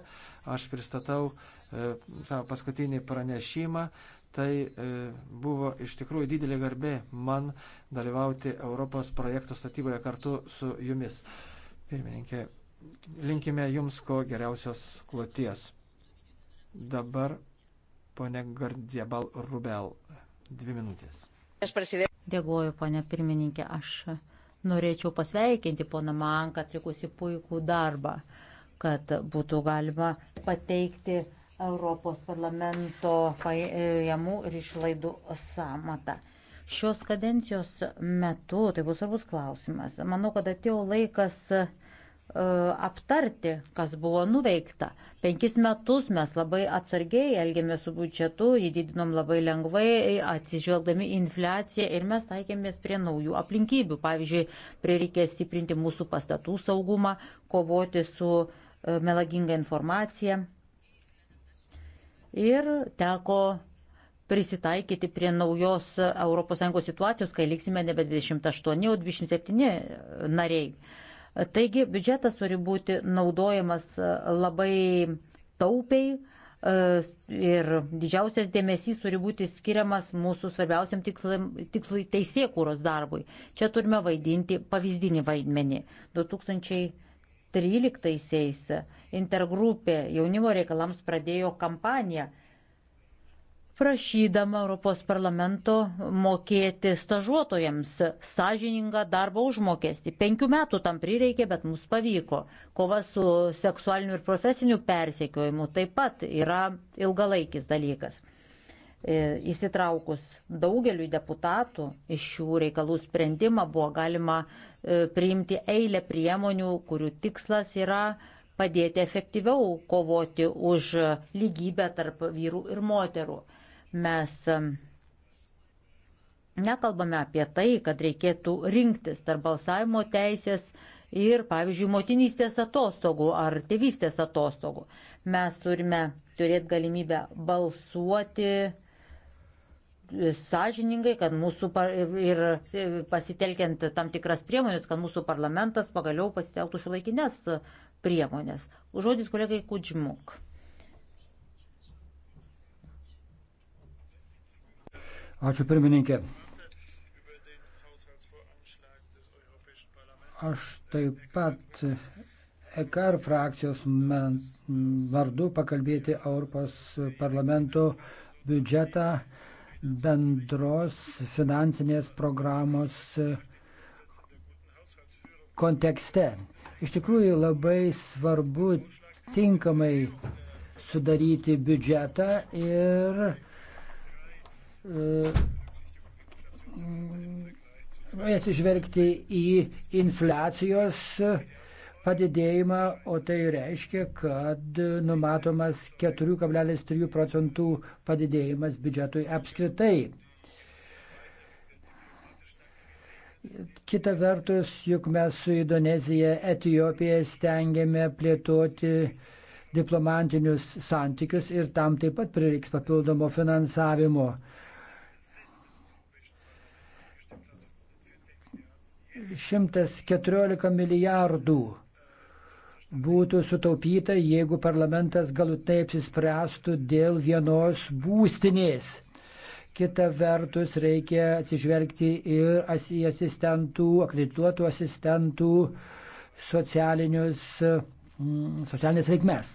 Aš pristatau savo e, paskutinį pranešimą. Tai e, buvo iš tikrųjų didelė garbė man dalyvauti Europos projektų statyboje kartu su jumis. Pirmininkė, linkime jums ko geriausios kloties. Dabar ponė Gardiebal Rubel. Dvi minutės. Dėkuoju, ponė pirmininkė. Aš norėčiau pasveikinti poną Manką atlikusi puikų darbą, kad būtų galima pateikti Europos parlamento pajamų ir išlaidų samatą. Šios kadencijos metu tai bus svarbus klausimas. Manau, kad atėjo laikas e, aptarti, kas buvo nuveikta. Penkis metus mes labai atsargiai elgėmės su biudžetu, jį didinom labai lengvai, atsižvelgdami į infliaciją ir mes taikėmės prie naujų aplinkybių. Pavyzdžiui, prireikė stiprinti mūsų pastatų saugumą, kovoti su e, melaginga informacija ir teko prisitaikyti prie naujos ES situacijos, kai liksime nebe 28, o 27 nariai. Taigi biudžetas turi būti naudojamas labai taupiai e, ir didžiausias dėmesys turi būti skiriamas mūsų svarbiausiam tikslui teisėkūros darbui. Čia turime vaidinti pavyzdinį vaidmenį. 2000 13-aisiais intergrupė jaunimo reikalams pradėjo kampaniją, prašydama Europos parlamento mokėti stažuotojams sąžiningą darbo užmokestį. Penkių metų tam prireikė, bet mums pavyko. Kova su seksualiniu ir profesiniu persekiojimu taip pat yra ilgalaikis dalykas. E, įsitraukus daugeliu deputatų iš šių reikalų sprendimą buvo galima e, priimti eilę priemonių, kurių tikslas yra padėti efektyviau kovoti už lygybę tarp vyrų ir moterų. Mes e, nekalbame apie tai, kad reikėtų rinktis tarp balsavimo teisės ir, pavyzdžiui, motinystės atostogų ar tėvystės atostogų. Mes turime turėti galimybę balsuoti sąžiningai, kad mūsų par, ir e, pasitelkiant tam tikras priemonės, kad mūsų parlamentas pagaliau pasitelktų šilaikinės priemonės. Žodis kolegai Kudžmuk. Ačiū pirmininkė. Aš taip pat EKR frakcijos vardu pakalbėti Europos parlamento biudžetą bendros finansinės programos kontekste. Iš tikrųjų labai svarbu tinkamai sudaryti biudžetą ir e, atsižvelgti į infliacijos uh, padidėjimą, o tai reiškia, kad numatomas 4,3 procentų padidėjimas biudžetui apskritai. Kita vertus, juk mes su Indonezija, Etijopija stengiame plėtoti diplomatinius santykius ir tam taip pat prireiks papildomo finansavimo. Šimtas keturiolika milijardų būtų sutaupyta, jeigu parlamentas galutai apsispręstų dėl vienos būstinės. Kita vertus, reikia atsižvelgti ir į asistentų, akredituotų asistentų socialinius, mm, socialinės reikmes.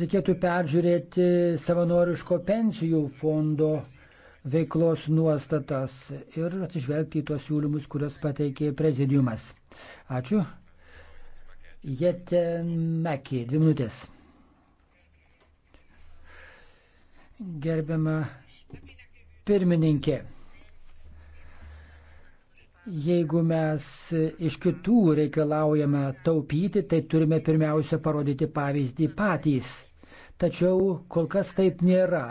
Reikėtų peržiūrėti savanoriško pensijų fondo veiklos nuostatas ir atsižvelgti į tuos siūlymus, kuriuos pateikė prezidiumas. Ačiū. Jete Mekį, dvi minutės. Gerbiama pirmininkė, jeigu mes iš kitų reikalaujame taupyti, tai turime pirmiausia parodyti pavyzdį patys. Tačiau kol kas taip nėra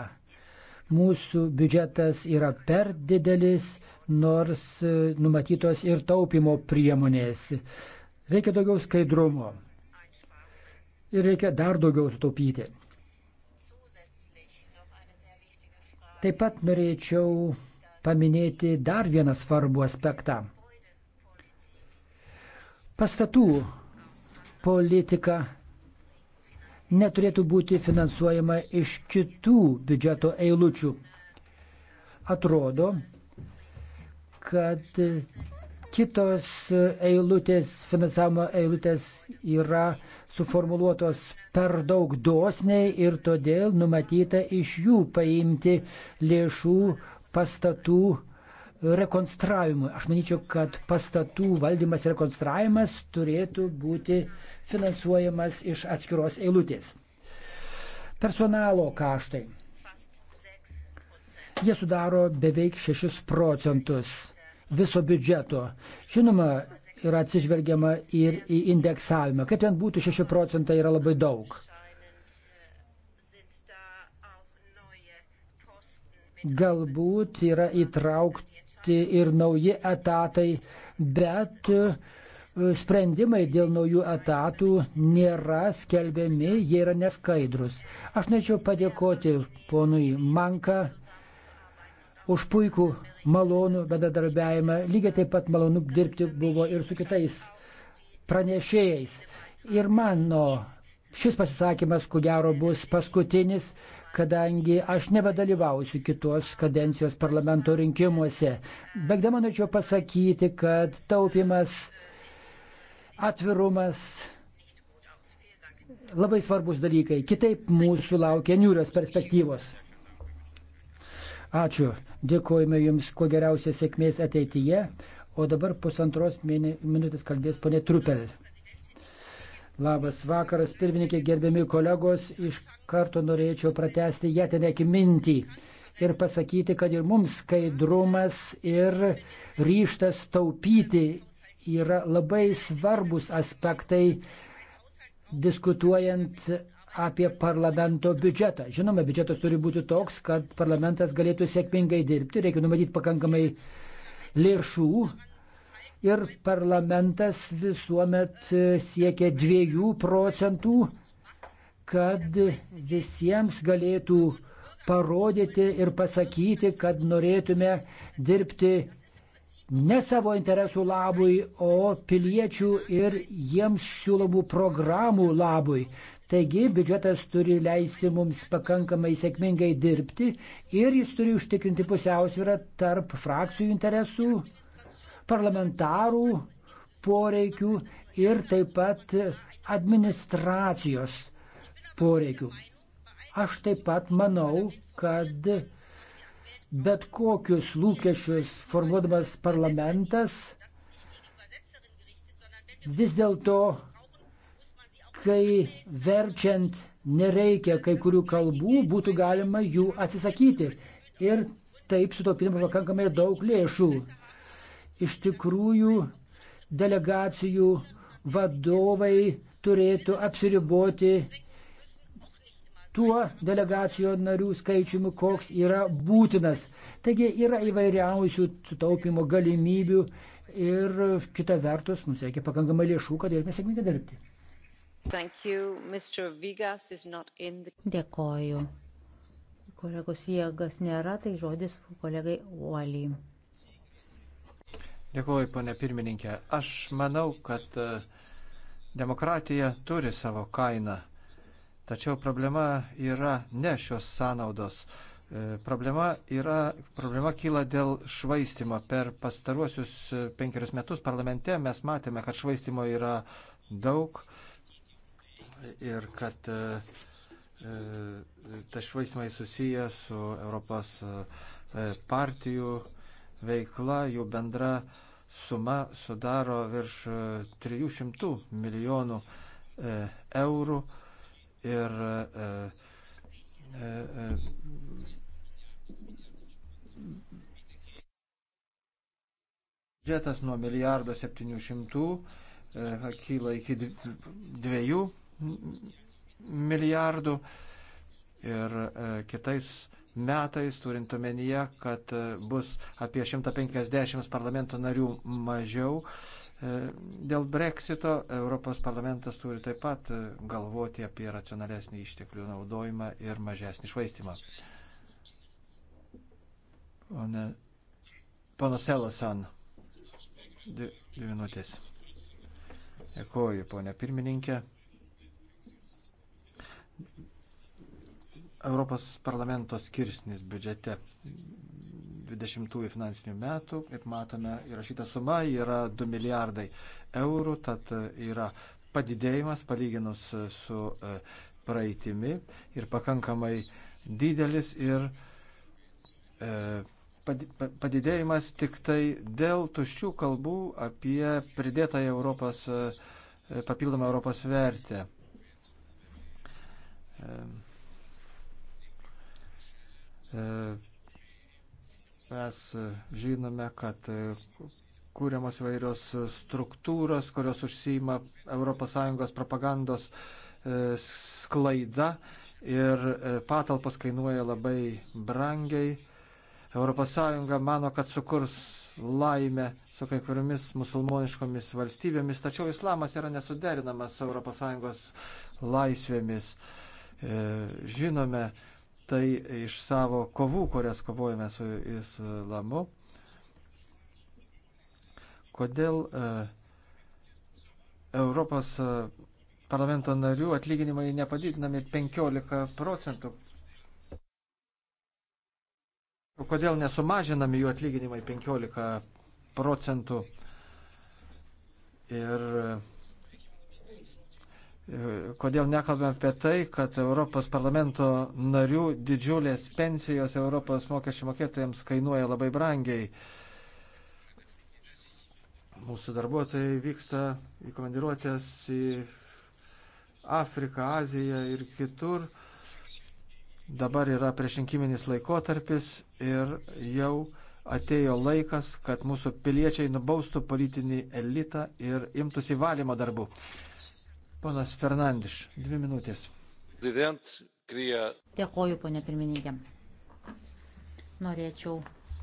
Mūsų biudžetas yra per didelis, nors e, numatytos ir taupimo priemonės. Reikia daugiau skaidrumo ir reikia dar daugiau sutaupyti. Taip pat norėčiau paminėti dar vieną svarbų aspektą. Pastatų politika neturėtų būti finansuojama iš kitų biudžeto eilučių. Atrodo, kad kitos eilutės, finansavimo eilutės yra suformuluotos per daug dosniai ir todėl numatyta iš jų paimti lėšų pastatų rekonstravimui. Aš manyčiau, kad pastatų valdymas ir rekonstravimas turėtų būti uh, finansuojamas iš atskiros eilutės. Personalo kaštai. Jie sudaro beveik 6 procentus viso biudžeto. Žinoma, yra atsižvelgiama ir į indeksavimą. Kaip ten būtų, 6 procentai yra labai daug. Galbūt yra įtraukti ir nauji etatai, bet uh, sprendimai dėl naujų etatų nėra skelbiami, jie yra neskaidrus. Aš norėčiau padėkoti ponui Manka už puikų malonų bendradarbiavimą. Lygiai taip pat malonu dirbti buvo ir su kitais pranešėjais. Ir mano šis pasisakymas, ko gero, bus paskutinis kadangi aš nebedalyvausiu kitos kadencijos parlamento rinkimuose. Begdama norėčiau pasakyti, kad taupimas atvirumas, labai svarbus dalykai. Kitaip mūsų laukia niūrios perspektyvos. Ačiū. Dėkojame Jums kuo geriausios sėkmės ateityje. O dabar pusantros minutės kalbės ponė Trupel. Labas vakaras, pirmininkė, gerbiami kolegos. Iš karto norėčiau pratesti jėtinėki mintį ir pasakyti, kad ir mums skaidrumas ir ryštas taupyti yra labai svarbus aspektai diskutuojant apie parlamento biudžetą. Žinoma, biudžetas turi būti toks, kad parlamentas galėtų sėkmingai dirbti, reikia numatyti pakankamai lėšų. Ir parlamentas visuomet siekia 2 procentų, kad visiems galėtų parodyti ir pasakyti, kad norėtume dirbti ne savo interesų labui, o piliečių ir jiems siūlomų programų labui. Taigi biudžetas turi leisti mums pakankamai sėkmingai dirbti ir jis turi užtikrinti pusiausvyrą tarp frakcijų interesų, parlamentarų poreikių ir taip pat administracijos poreikių. Aš taip pat manau, kad bet kokius lūkesčius formuodamas parlamentas vis dėlto, kai verčiant nereikia kai kurių kalbų, būtų galima jų atsisakyti ir taip sutaupinama pakankamai daug lėšų. Iš tikrųjų, delegacijų vadovai turėtų apsiriboti tuo delegacijų narių skaičiumi, koks yra būtinas. Taigi yra įvairiausių sutaupimo galimybių ir kita vertus mums reikia pakankamai lėšų, kad galėtume sėkmingai dirbti. The... Dėkoju. Kolegos jėgas nėra, tai žodis kolegai Uoliai. Dėkuoju, ponė pirmininkė. Aš manau, kad e, demokratija turi savo kainą. Tačiau problema yra ne šios sąnaudos. E, problema, yra, problema kyla dėl švaistimo. Per pastaruosius e, penkerius metus parlamente mes matėme, kad švaistimo yra daug ir kad e, tas švaistimai susiję su Europos partijų veikla, jų bendra suma sudaro virš 300 milijonų eurų. E, ir e, e, e, biudžetas nuo milijardo 700 e, kyla iki 2 milijardų ir e, kitais metais, turint omenyje, kad e, bus apie 150 parlamento narių mažiau, E, dėl breksito Europos parlamentas turi taip pat e, galvoti apie racionalesnį išteklių naudojimą ir mažesnį švaistimą. Pone, pana Selasan, dvi, dvi minutės. Dėkuoju, ponė pirmininkė. Europos parlamento skirsnis biudžete 20 finansinių metų. Kaip matome, įrašyta suma yra 2 milijardai eurų, tad yra padidėjimas palyginus su e, praeitimi ir pakankamai didelis ir e, padidėjimas tik tai dėl tuščių kalbų apie pridėtą Europos, e, papildomą Europos vertę. E, Mes e, žinome, kad e, kūriamos vairios struktūros, kurios užsima ES propagandos e, sklaida ir patalpos kainuoja labai brangiai. ES mano, kad sukurs laimę su kai kuriomis musulmoniškomis valstybėmis, tačiau islamas yra nesuderinamas su ES laisvėmis. Žinome, tai iš savo kovų, kurias kovojame su islamu. Kodėl e, Europos e, parlamento narių atlyginimai nepadidinami 15 procentų? Kodėl nesumažinami jų atlyginimai 15 procentų? Ir Kodėl nekalbame apie tai, kad Europos parlamento narių didžiulės pensijos Europos mokesčių mokėtojams kainuoja labai brangiai. Mūsų darbuotojai vyksta į komandiruotės į Afriką, Aziją ir kitur. Dabar yra priešrinkiminis laikotarpis ir jau atėjo laikas, kad mūsų piliečiai nubaustų politinį elitą ir imtųsi valymo darbų. Ponas Fernandiš, dvi minutės. Dėkoju, ponė pirmininkė. Norėčiau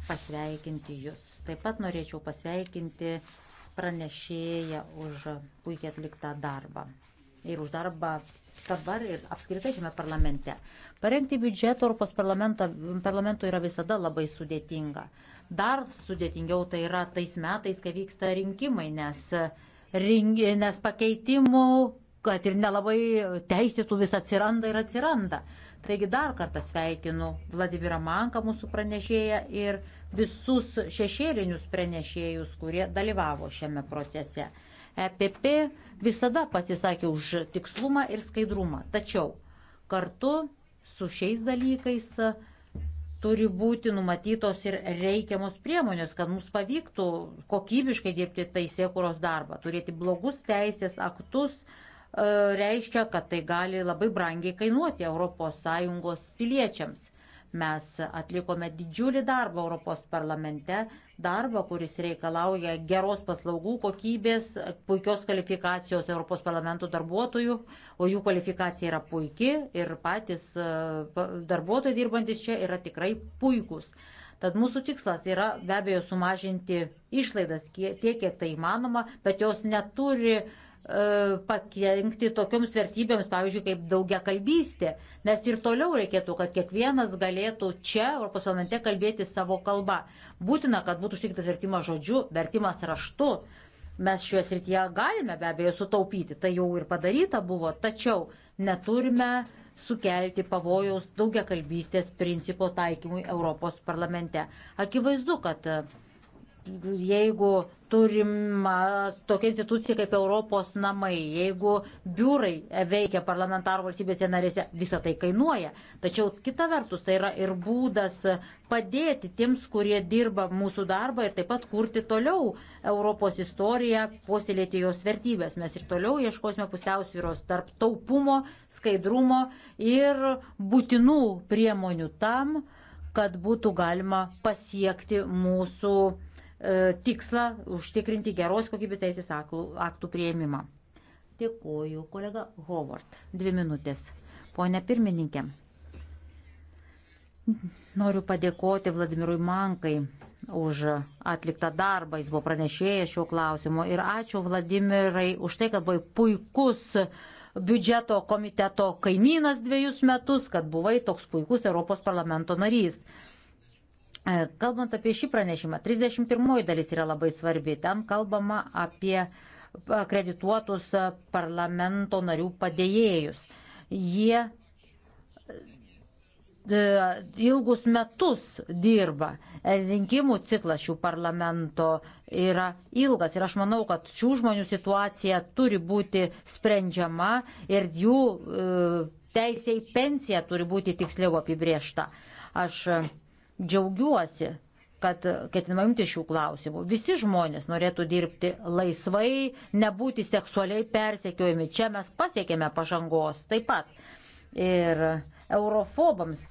pasveikinti Jūs. Taip pat norėčiau pasveikinti pranešėją už puikiai atliktą darbą. Ir už darbą dabar ir apskritai šiame parlamente. Parengti biudžetą Europos parlamento yra visada labai sudėtinga. Dar sudėtingiau tai yra tais metais, kai vyksta rinkimai, nes, ring, nes pakeitimų kad ir nelabai teisėtų vis atsiranda ir atsiranda. Taigi dar kartą sveikinu Vladimirą Manką, mūsų pranešėją, ir visus šešėlinius pranešėjus, kurie dalyvavo šiame procese. EPP visada pasisakė už tikslumą ir skaidrumą. Tačiau kartu su šiais dalykais e, turi būti numatytos ir reikiamos priemonės, kad mums pavyktų kokybiškai dirbti teisėkuros darbą, turėti blogus teisės aktus, E, reiškia, kad tai gali labai brangiai kainuoti ES piliečiams. Mes atlikome didžiulį darbą Europos parlamente, darbą, kuris reikalauja geros paslaugų kokybės, puikios kvalifikacijos Europos parlamento darbuotojų, o jų kvalifikacija yra puikia ir patys e, darbuotojai dirbantis čia yra tikrai puikūs. Tad mūsų tikslas yra be abejo sumažinti išlaidas tiek, kiek tai įmanoma, bet jos neturi uh, E, pakengti tokioms vertybėms, pavyzdžiui, kaip daugia kalbystė. Nes ir toliau reikėtų, kad kiekvienas galėtų čia, Europos parlamente, kalbėti savo kalbą. Būtina, kad būtų užtikrintas vertimas žodžiu, vertimas raštu. Mes šioje srityje galime be abejo sutaupyti, tai jau ir padaryta buvo, tačiau neturime sukelti pavojaus daugia kalbystės principo taikymui Europos parlamente. Akivaizdu, kad jeigu turima tokia institucija kaip Europos namai, jeigu biurai veikia parlamentarų valstybėse narėse, visa tai kainuoja. Tačiau kita vertus tai yra ir būdas padėti tiems, kurie dirba mūsų darbą ir taip pat kurti toliau Europos istoriją, puoselėti jos vertybės. Mes ir toliau ieškosime pusiausvyros tarp taupumo, skaidrumo ir būtinų priemonių tam, kad būtų galima pasiekti mūsų E, tikslą užtikrinti geros kokybės teisės aktų prieimimą. Dėkuoju, kolega Howard. Dvi minutės. Pone pirmininkė, noriu padėkoti Vladimirui Mankai už atliktą darbą. Jis buvo pranešėjęs šiuo klausimu. Ir ačiū Vladimirai už tai, kad buvai puikus biudžeto komiteto kaimynas dviejus metus, kad buvai toks puikus Europos parlamento narys. E, kalbant apie šį pranešimą, 31 dalis yra labai svarbi. Ten kalbama apie akredituotus parlamento narių padėjėjus. Jie e, ilgus metus dirba. Rinkimų ciklas šių parlamento yra ilgas ir aš manau, kad šių žmonių situacija turi būti sprendžiama ir jų e, teisė į pensiją turi būti tiksliau apibriešta. Aš džiaugiuosi, kad ketinama imti šių klausimų. Visi žmonės norėtų dirbti laisvai, nebūti seksualiai persekiojami. Čia mes pasiekėme pažangos taip pat. Ir eurofobams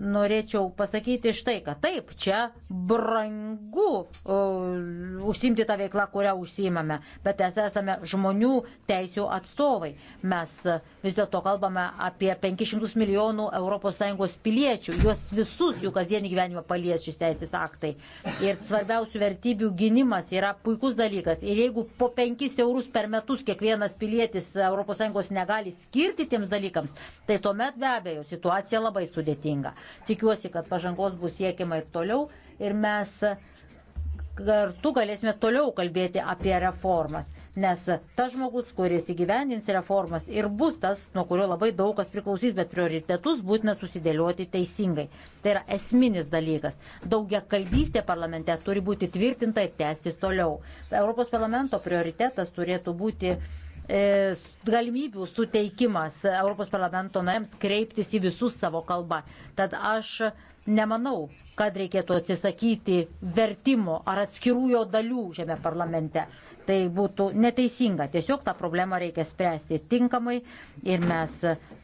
norėčiau pasakyti štai, kad taip, čia brangu uh, užsimti tą veiklą, kurią užsimame, bet mes esame žmonių teisių atstovai. Mes vis dėlto kalbame apie 500 milijonų ES piliečių, juos visus jų kasdienį gyvenimą palies šis teisės aktai. Ir svarbiausių vertybių gynimas yra puikus dalykas. Ir jeigu po 5 eurus per metus kiekvienas pilietis ES negali skirti tiems dalykams, tai tuomet be abejo situacija labai sudėtinga. Tikiuosi, kad pažangos bus siekiama ir toliau ir mes kartu galėsime toliau kalbėti apie reformas, nes tas žmogus, kuris įgyvendins reformas ir bus tas, nuo kurio labai daug kas priklausys, bet prioritetus būtina susidėlioti teisingai. Tai yra esminis dalykas. Daugia kalbystė parlamente turi būti tvirtinta ir tęstis toliau. Europos parlamento prioritetas turėtų būti E, galimybių suteikimas Europos parlamento nariams kreiptis į visus savo kalbą. Tad aš nemanau, kad reikėtų atsisakyti vertimo ar atskirų jo dalių šiame parlamente. Tai būtų neteisinga. Tiesiog tą problemą reikia spręsti tinkamai ir mes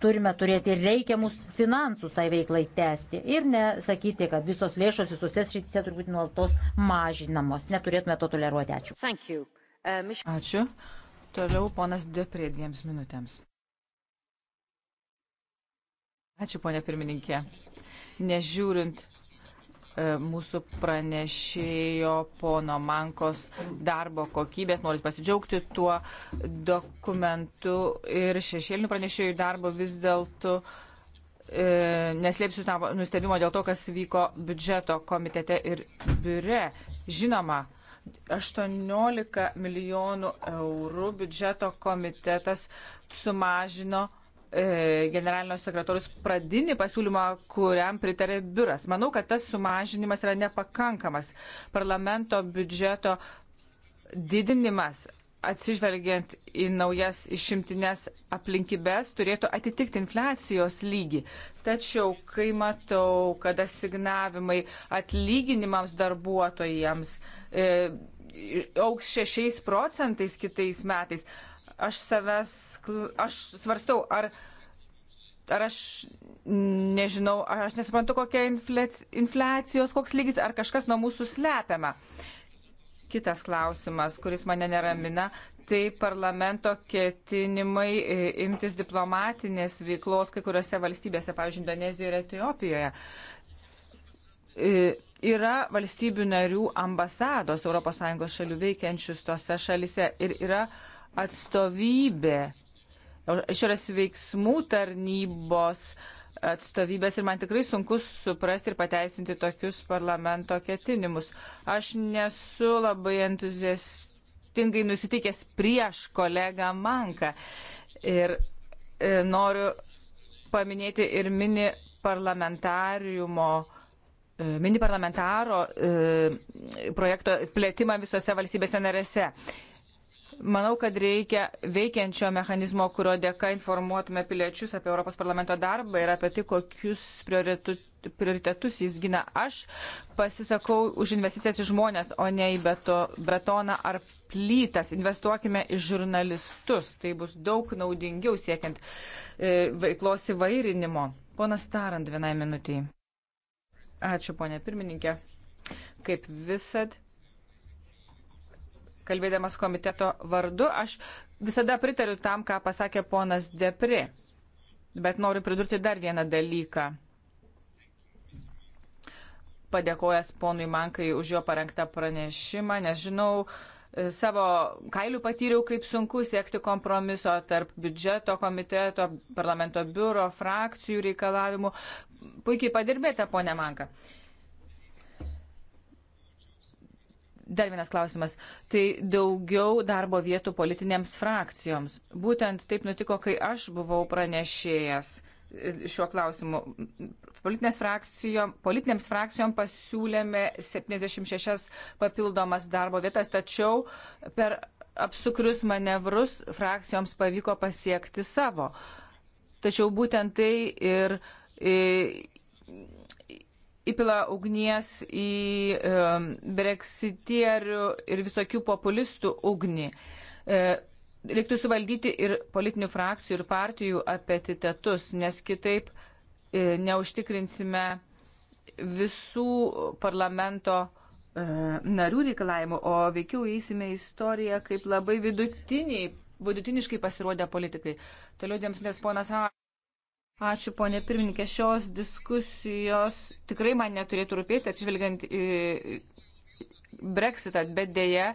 turime turėti reikiamus finansus tai veiklai tęsti. Ir nesakyti, kad visos lėšos visose srityse turbūt nuolatos mažinamos. Neturėtume to toleruoti. Ačiū. Uh, Ačiū. Toliau ponas Deprė dviems minutėms. Ačiū, ponė pirmininkė. Nežiūrint e, mūsų pranešėjo pono Mankos darbo kokybės. Noriu pasidžiaugti tuo dokumentu ir šešėlinių pranešėjų darbo vis dėlto. E, neslėpsiu nustebimo dėl to, kas vyko biudžeto komitete ir biure. Žinoma, 18 milijonų eurų biudžeto komitetas sumažino e, generalinio sekretorius pradinį pasiūlymą, kuriam pritarė biuras. Manau, kad tas sumažinimas yra nepakankamas. Parlamento biudžeto didinimas atsižvelgiant į naujas išimtines aplinkybės, turėtų atitikti infliacijos lygį. Tačiau, kai matau, kad asignavimai atlyginimams darbuotojams e, auks 6 procentais kitais metais, aš savęs, aš svarstau, ar, ar aš nežinau, ar aš nesuprantu, kokia infliacijos, koks lygis, ar kažkas nuo mūsų slepiama. E, Kitas klausimas, kuris mane neramina, tai parlamento ketinimai e, imtis diplomatinės veiklos kai kuriuose valstybėse, pavyzdžiui, Indonezijoje ir Etijopijoje. E, yra valstybių narių ambasados ES šalių veikiančius tose šalise ir yra atstovybė išorės veiksmų tarnybos uh, atstovybės ir man tikrai sunku suprasti ir pateisinti tokius parlamento ketinimus. Aš nesu labai entuziastingai nusiteikęs prieš kolegą Manką ir e, noriu paminėti ir mini parlamentariumo e, mini parlamentaro e, projekto plėtimą visose valstybėse narėse. Manau, kad reikia veikiančio mechanizmo, kurio dėka informuotume piliečius apie Europos parlamento darbą ir apie tai, kokius prioritetus jis gina. Aš pasisakau už investicijas į žmonės, o ne į beto, betoną ar plytas. Investuokime į žurnalistus. Tai bus daug naudingiau siekiant e, veiklos įvairinimo. Ponas Tarant, vienai minutiai. Ačiū, ponė pirmininkė. Kaip visad kalbėdamas komiteto vardu, aš visada pritariu tam, ką pasakė ponas Depri. Bet noriu pridurti dar vieną dalyką. Padėkojęs ponui Mankai už jo parengtą pranešimą, nes žinau, e, savo kailių patyriau, kaip sunku siekti kompromiso tarp biudžeto komiteto, parlamento biuro, frakcijų reikalavimų. Puikiai padirbėte, ponė Manka. Uh, Dar vienas klausimas. Tai daugiau darbo vietų politinėms frakcijoms. Būtent taip nutiko, kai aš buvau pranešėjęs šiuo klausimu. Frakcijo, politinėms frakcijom pasiūlėme 76 papildomas darbo vietas, tačiau per apsukrius manevrus frakcijoms pavyko pasiekti savo. Tačiau būtent tai ir, ir įpila ugnies į um, breksitierių ir visokių populistų ugnį. E, reiktų suvaldyti ir politinių frakcijų ir partijų apetitetus, nes kitaip e, neužtikrinsime visų parlamento e, narių reikalavimų, o veikiau įsime istoriją kaip labai vidutiniai, vidutiniškai pasirodę politikai. Toliau dėmesnės ponas A. Ačiū, ponė pirmininkė. Šios diskusijos tikrai man neturėtų rūpėti, atžvilgiant į Brexitą, bet dėje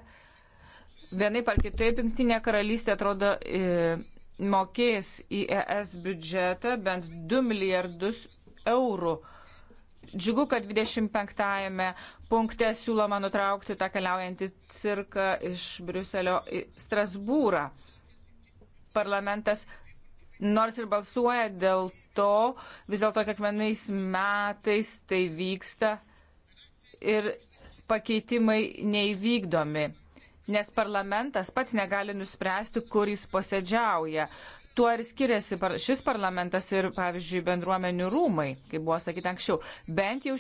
vienaip ar kitaip Junktinė karalystė atrodo e, mokės į ES biudžetą bent 2 milijardus eurų. Džiugu, kad 25-ame punkte siūloma nutraukti tą keliaujantį cirką iš Briuselio į Strasbūrą. Parlamentas nors ir balsuoja dėl to, vis dėlto kiekvienais metais tai vyksta ir pakeitimai neįvykdomi, nes parlamentas pats negali nuspręsti, kur jis posėdžiauja. Tuo ir skiriasi šis parlamentas ir, pavyzdžiui, bendruomenių rūmai, kaip buvo sakyti anksčiau. Bent jau